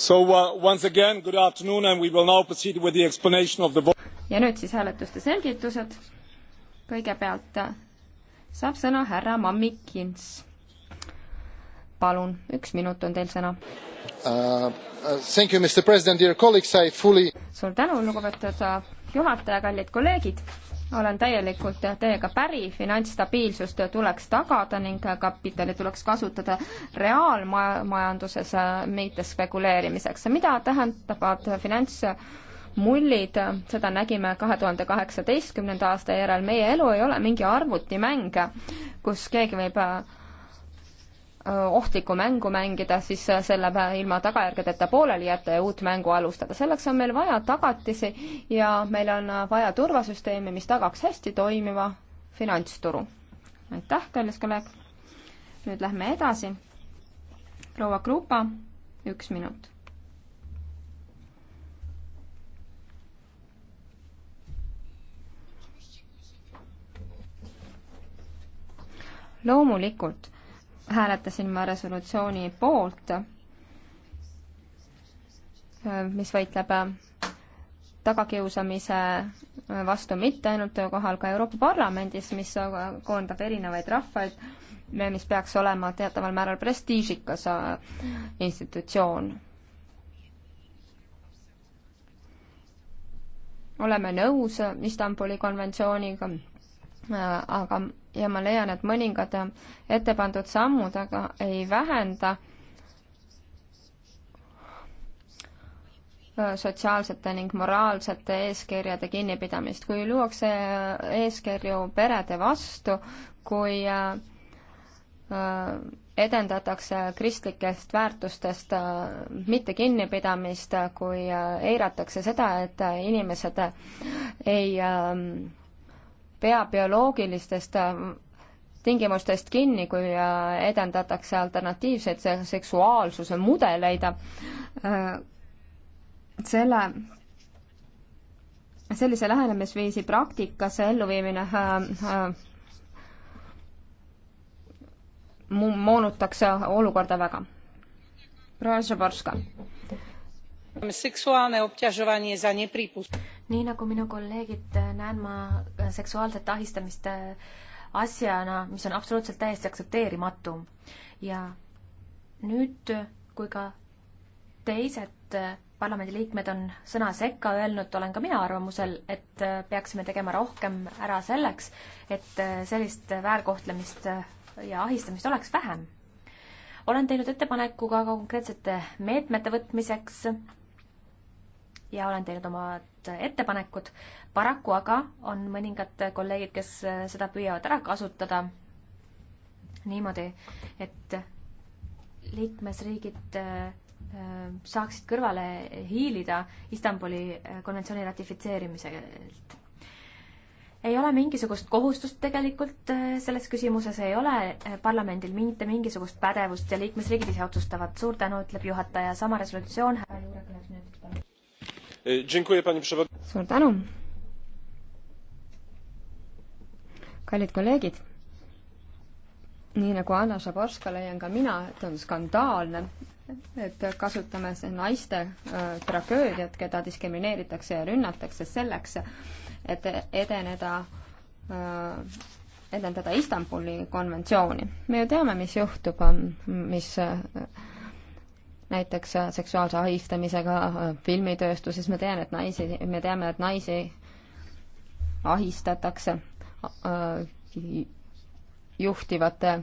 So uh, once again, good afternoon and we will now proceed with the explanation of the vote. ja nüüd siis hääletuste selgitused. kõigepealt äh, saab sõna härra Mammikins. palun, üks minut on teil sõna uh,. uh thank you, Mr President, dear colleagues, I fully. suur tänu, lugupeetud äh, juhataja, kallid kolleegid olen täielikult teiega päri, finantsstabiilsust tuleks tagada ning kapitali tuleks kasutada reaalmajanduses, mitte spekuleerimiseks. mida tähendavad finantsmullid, seda nägime kahe tuhande kaheksateistkümnenda aasta järel, meie elu ei ole mingi arvutimäng, kus keegi võib ohtlikku mängu mängida, siis selle ilma tagajärgedeta pooleli jätta ja uut mängu alustada. selleks on meil vaja tagatisi ja meil on vaja turvasüsteemi, mis tagaks hästi toimiva finantsturu. aitäh, kallis kolleeg. nüüd lähme edasi. proua Krupa, üks minut. loomulikult hääletasin ma resolutsiooni poolt, mis võitleb tagakiusamise vastu mitte ainult kohal, ka Euroopa Parlamendis, mis koondab erinevaid rahvaid, mis peaks olema teataval määral prestiižikas institutsioon. oleme nõus Istanbuli konventsiooniga Äh, aga, ja ma leian, et mõningad äh, ette pandud sammud aga ei vähenda äh, sotsiaalsete ning moraalsete eeskirjade kinnipidamist, kui luuakse eeskirju perede vastu, kui edendatakse kristlikest väärtustest mitte kinnipidamist, kui eiratakse seda, et inimesed ei ähm, pea bioloogilistest äh, tingimustest kinni, kui äh, edendatakse alternatiivseid seksuaalsuse mudeleid. Äh, selle, sellise lähenemisviisi praktikasse elluviimine moonutaks olukorda väga. proua Zaborska seksuálne obťažovanie za neprípustné nii nagu minu kolleegid, äh, näen ma äh, seksuaalset ahistamist äh, asjana, mis on absoluutselt täiesti aktsepteerimatu. ja nüüd, kui ka teised parlamendiliikmed on sõna sekka öelnud, olen ka mina arvamusel, et peaksime tegema rohkem ära selleks, et sellist väärkohtlemist ja ahistamist oleks vähem olen teinud ettepaneku ka konkreetsete meetmete võtmiseks ja olen teinud omad ettepanekud. paraku aga on mõningad kolleegid, kes seda püüavad ära kasutada niimoodi, et liikmesriigid äh, saaksid kõrvale hiilida Istanbuli äh, konventsiooni ratifitseerimiselt. ei ole mingisugust kohustust tegelikult äh, selles küsimuses, ei ole parlamendil mitte mingisugust pädevust ja liikmesriigid ise otsustavad. suur tänu, ütleb juhataja, sama resolutsioon suur tänu. kallid kolleegid, nii nagu Anna Šaborska leian ka mina, et on skandaalne, et kasutame naiste äh, tragöödiat, keda diskrimineeritakse ja rünnatakse selleks, et edeneda äh, edendada Istanbuli konventsiooni. me ju teame, mis juhtub, mis näiteks äh, seksuaalse ahistamisega äh, filmitööstuses, ma tean, et naisi, me teame, et naisi ahistatakse äh, juhtivate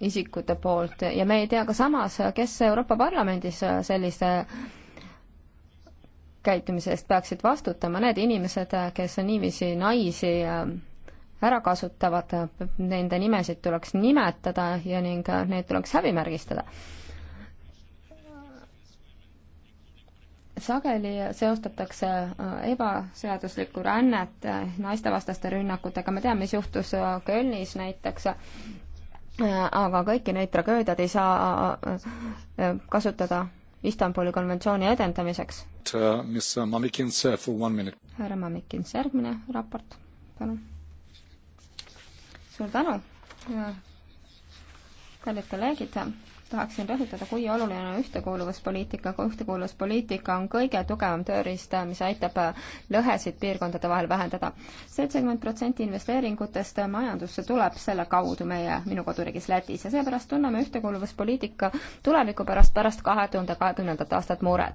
isikute poolt ja me ei tea ka samas, kes Euroopa Parlamendis sellise käitumise eest peaksid vastutama, need inimesed, kes niiviisi naisi ära kasutavad, nende nimesid tuleks nimetada ja ning neid tuleks häbimärgistada. sageli seostatakse äh, ebaseaduslikku rännet äh, naistevastaste rünnakutega, me teame, mis juhtus äh, Kölnis näiteks, aga kõiki neid tragöödiaid ei saa kasutada Istanbuli konventsiooni edendamiseks. härra Mamikins, järgmine raport, palun suur tänu, kallid kolleegid tahaksin rõhutada, kui oluline on ühtekuuluvuspoliitika, kui ühtekuuluvuspoliitika on kõige tugevam tööriist, mis aitab lõhesid piirkondade vahel vähendada. seitsekümmend protsenti investeeringutest majandusse tuleb selle kaudu meie, minu koduriigis Lätis ja seepärast tunneme ühtekuuluvuspoliitika tuleviku pärast, pärast kahe tuhande kahekümnendat aastat muret.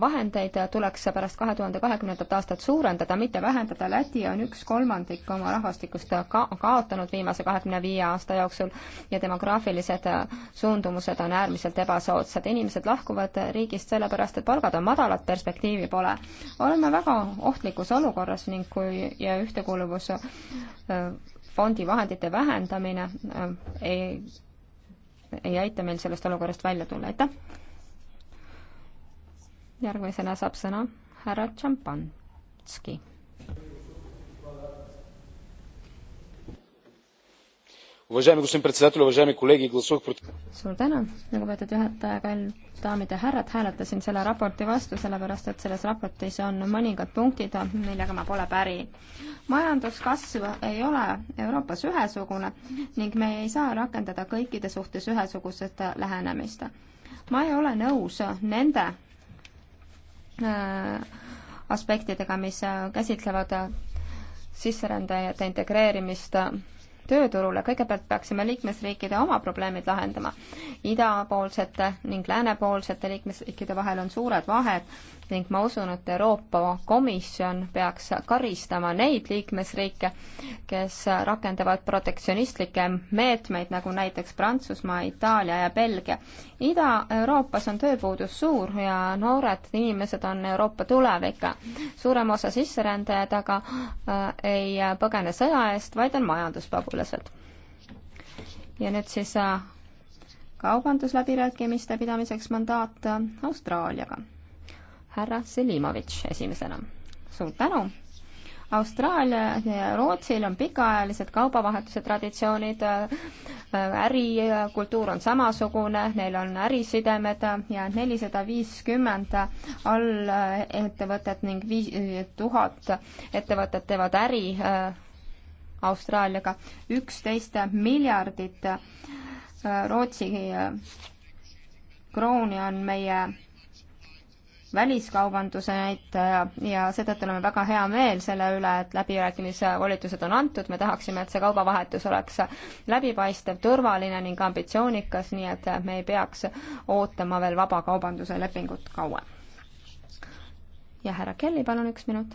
vahendeid tuleks pärast kahe tuhande kahekümnendat aastat suurendada, mitte vähendada, Läti on üks kolmandik oma rahvastikust ka kaotanud viimase kahekümne viie aasta jooksul ja demograafilised suundumused on äärmiselt ebasoodsad. inimesed lahkuvad riigist sellepärast, et palgad on madalad, perspektiivi pole. oleme väga ohtlikus olukorras ning kui ja ühtekuuluvusfondi äh, vahendite vähendamine äh, ei, ei aita meil sellest olukorrast välja tulla, aitäh! järgmisena saab sõna härra Tšampanski suur tänu, lugupeetud juhataja, kallid daamid ja härrad, hääletasin selle raporti vastu, sellepärast et selles raportis on mõningad punktid, millega ma pole päri. majanduskasv ei ole Euroopas ühesugune ning me ei saa rakendada kõikide suhtes ühesugust lähenemist. ma ei ole nõus nende äh, aspektidega, mis käsitlevad sisserändajate integreerimist tööturule, kõigepealt peaksime liikmesriikide oma probleemid lahendama. idapoolsete ning läänepoolsete liikmesriikide vahel on suured vahed ning ma usun, et Euroopa Komisjon peaks karistama neid liikmesriike, kes rakendavad protektsionistlikke meetmeid, nagu näiteks Prantsusmaa, Itaalia ja Belgia. Ida-Euroopas on tööpuudus suur ja noored inimesed on Euroopa tulevik. suurem osa sisserändajaid aga äh, ei põgene sõja eest, vaid on majanduspagulased. ja nüüd siis äh, kaubandusläbirääkimiste pidamiseks mandaat äh, Austraaliaga härra Selimovitš esimesena. suur tänu! Austraalia ja Rootsil on pikaajalised kaubavahetuse traditsioonid, ärikultuur on samasugune, neil on ärisidemed ja nelisada viiskümmend allettevõtet ning viis tuhat ettevõtet teevad äri äh, Austraaliaga, üksteist miljardit äh, Rootsi äh, krooni on meie väliskaubanduse näitaja ja seetõttu oleme väga hea meel selle üle, et läbirääkimisvolitused on antud, me tahaksime, et see kaubavahetus oleks läbipaistev, turvaline ning ambitsioonikas, nii et me ei peaks ootama veel vabakaubanduse lepingut kauem. ja härra Kelly, palun üks minut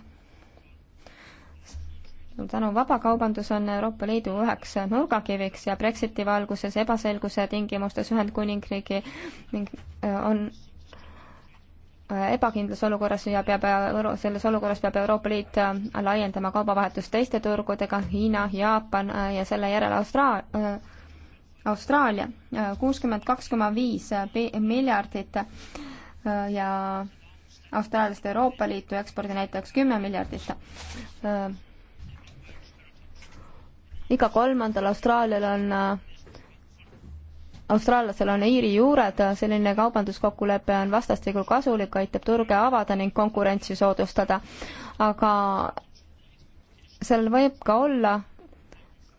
tänu vabakaubandus on Euroopa Liidu üheks nurgakiviks ja Brexiti valguses ebaselguse tingimustes Ühendkuningriigi ning äh, on ebakindlas olukorras ja peab, selles olukorras peab Euroopa Liit äh, laiendama kaubavahetust teiste turgudega, Hiina, Jaapan äh, ja selle järel äh, Austraalia, Austraalia, kuuskümmend kaks koma viis miljardit ja Austraaliast Euroopa Liitu ekspordi näitajaks kümme miljardit. iga kolmandal Austraalial on austraallasel on Iiri juured, selline kaubanduskokkulepe on vastastikku kasulik, aitab turge avada ning konkurentsi soodustada. aga seal võib ka olla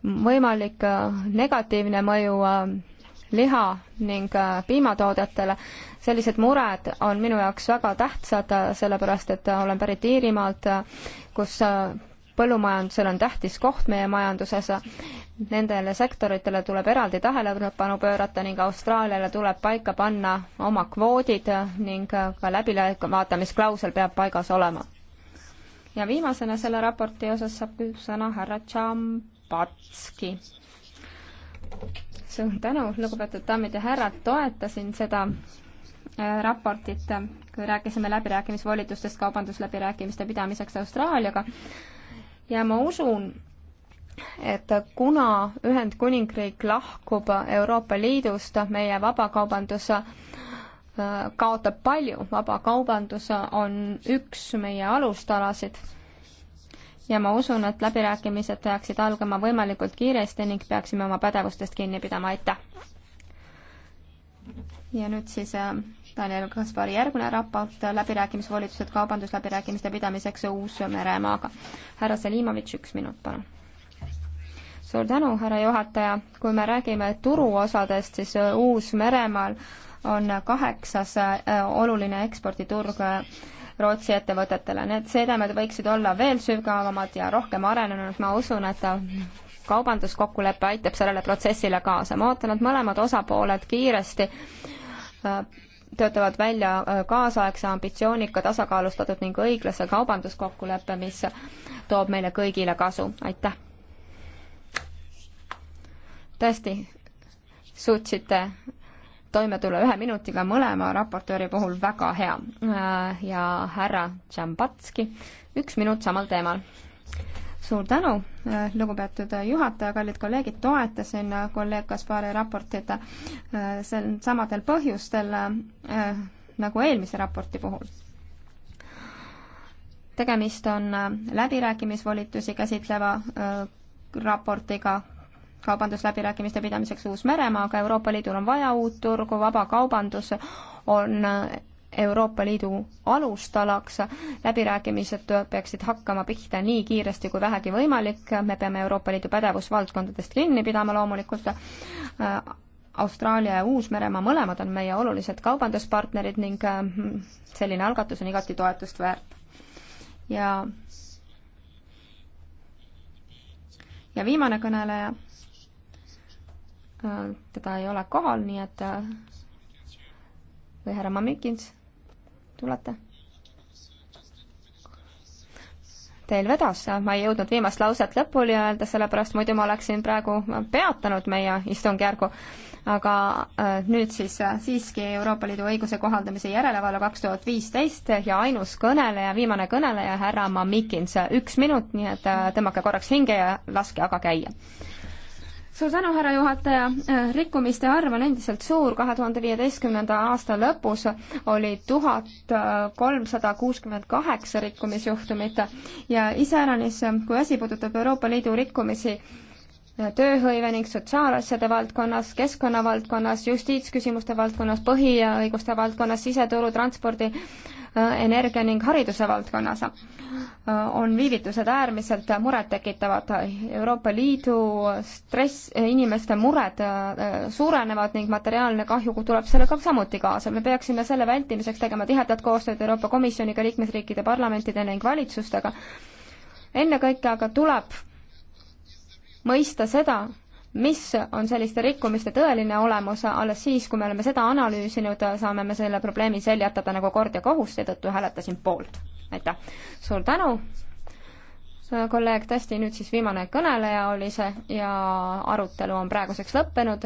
võimalik äh, negatiivne mõju äh, liha ning äh, piimatoodetele. sellised mured on minu jaoks väga tähtsad, sellepärast et olen pärit Iirimaalt, kus põllumajandusel on tähtis koht meie majanduses, nendele sektoritele tuleb eraldi tähelepanu pöörata ning Austraaliale tuleb paika panna oma kvoodid ning ka läbivaatamisklausel peab paigas olema. ja viimasena selle raporti osas saab sõna härra Tšambatski. suur tänu, lugupeetud daamid ja härrad, toetasin seda äh, raportit, kui rääkisime läbirääkimisvolitustest kaubandusläbirääkimiste pidamiseks Austraaliaga ja ma usun, et kuna Ühendkuningriik lahkub Euroopa Liidust, meie vabakaubandus äh, kaotab palju, vabakaubandus on üks meie alustalasid ja ma usun, et läbirääkimised peaksid algama võimalikult kiiresti ning peaksime oma pädevustest kinni pidama, aitäh! ja nüüd siis äh, Daniel Kaspari järgmine raport, äh, läbirääkimisvolitused kaubandusläbirääkimiste pidamiseks Uus-Meremaaga. härra Selimovitš, üks minut, palun. suur tänu, härra juhataja, kui me räägime turuosadest, siis äh, Uus-Meremaal on kaheksas oluline eksporditurg Rootsi ettevõtetele. Need sedemed võiksid olla veel sügavamad ja rohkem arenenud, ma usun, et kaubanduskokkulepe aitab sellele protsessile kaasa. ma ootan, et mõlemad osapooled kiiresti äh, töötavad välja äh, kaasaegse, ambitsioonika, tasakaalustatud ning õiglase kaubanduskokkuleppe, mis toob meile kõigile kasu. aitäh! tõesti, suutsite toime tulla ühe minutiga mõlema raportööri puhul väga hea. Äh, ja härra Tšambatski, üks minut samal teemal suur tänu, äh, lugupeetud juhataja, kallid kolleegid, toetasin äh, kolleeg Kaspari raportit äh, sel samadel põhjustel nagu eelmise raporti puhul. tegemist on läbirääkimisvolitusi käsitleva raportiga kaubandusläbirääkimiste pidamiseks Uus-Meremaaga, Euroopa Liidul on vaja uut turgu, vabakaubandus on Euroopa Liidu alustalaks. läbirääkimised peaksid hakkama pihta nii kiiresti kui vähegi võimalik, me peame Euroopa Liidu pädevusvaldkondadest kinni pidama loomulikult. Äh, Austraalia ja Uus-Meremaa mõlemad on meie olulised kaubanduspartnerid ning äh, selline algatus on igati toetust väärt. ja ja viimane kõneleja, äh, teda ei ole kohal, nii et või härra Mamikins tulete? Teil vedas, ma ei jõudnud viimast lauset lõpuni öelda, sellepärast muidu ma oleksin praegu peatanud meie istungjärgu aga äh, nüüd siis äh, siiski Euroopa Liidu õiguse kohaldamise järelevalve kaks tuhat viisteist ja ainus kõneleja, viimane kõneleja, härra Mamikins, üks minut, nii et äh, tõmmake korraks hinge ja laske aga käia suur tänu, härra juhataja. Äh, rikkumiste arv on endiselt suur. kahe tuhande viieteistkümnenda aasta lõpus oli tuhat kolmsada kuuskümmend kaheksa rikkumisjuhtumit ja iseäranis, kui asi puudutab Euroopa Liidu rikkumisi äh, tööhõive ning sotsiaalasjade valdkonnas, keskkonna valdkonnas, justiitsküsimuste valdkonnas, põhiõiguste valdkonnas, siseturu, transpordi Äh, energia ning hariduse valdkonnas äh, on viivitused äärmiselt murettekitavad. Euroopa Liidu stress, äh, inimeste mured suurenevad ning materiaalne kahju tuleb sellega samuti kaasa. me peaksime selle vältimiseks tegema tihedat koostööd Euroopa Komisjoniga, liikmesriikide parlamentide ning valitsustega. ennekõike aga tuleb mõista seda, mis on selliste rikkumiste tõeline olemus, alles siis, kui me oleme seda analüüsinud, saame me selle probleemi seljatada nagu kord ja kohus, seetõttu hääletasin poolt. aitäh! suur tänu! kolleeg Tästi, nüüd siis viimane kõneleja oli see ja arutelu on praeguseks lõppenud,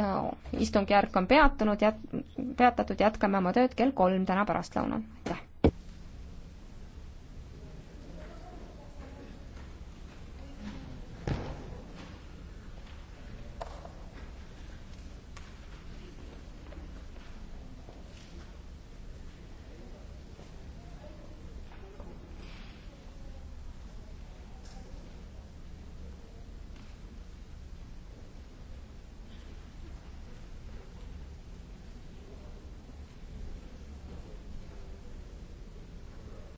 istungjärk on peatunud, jät-, peatatud, jätkame oma tööd kell kolm täna pärastlõunal, aitäh!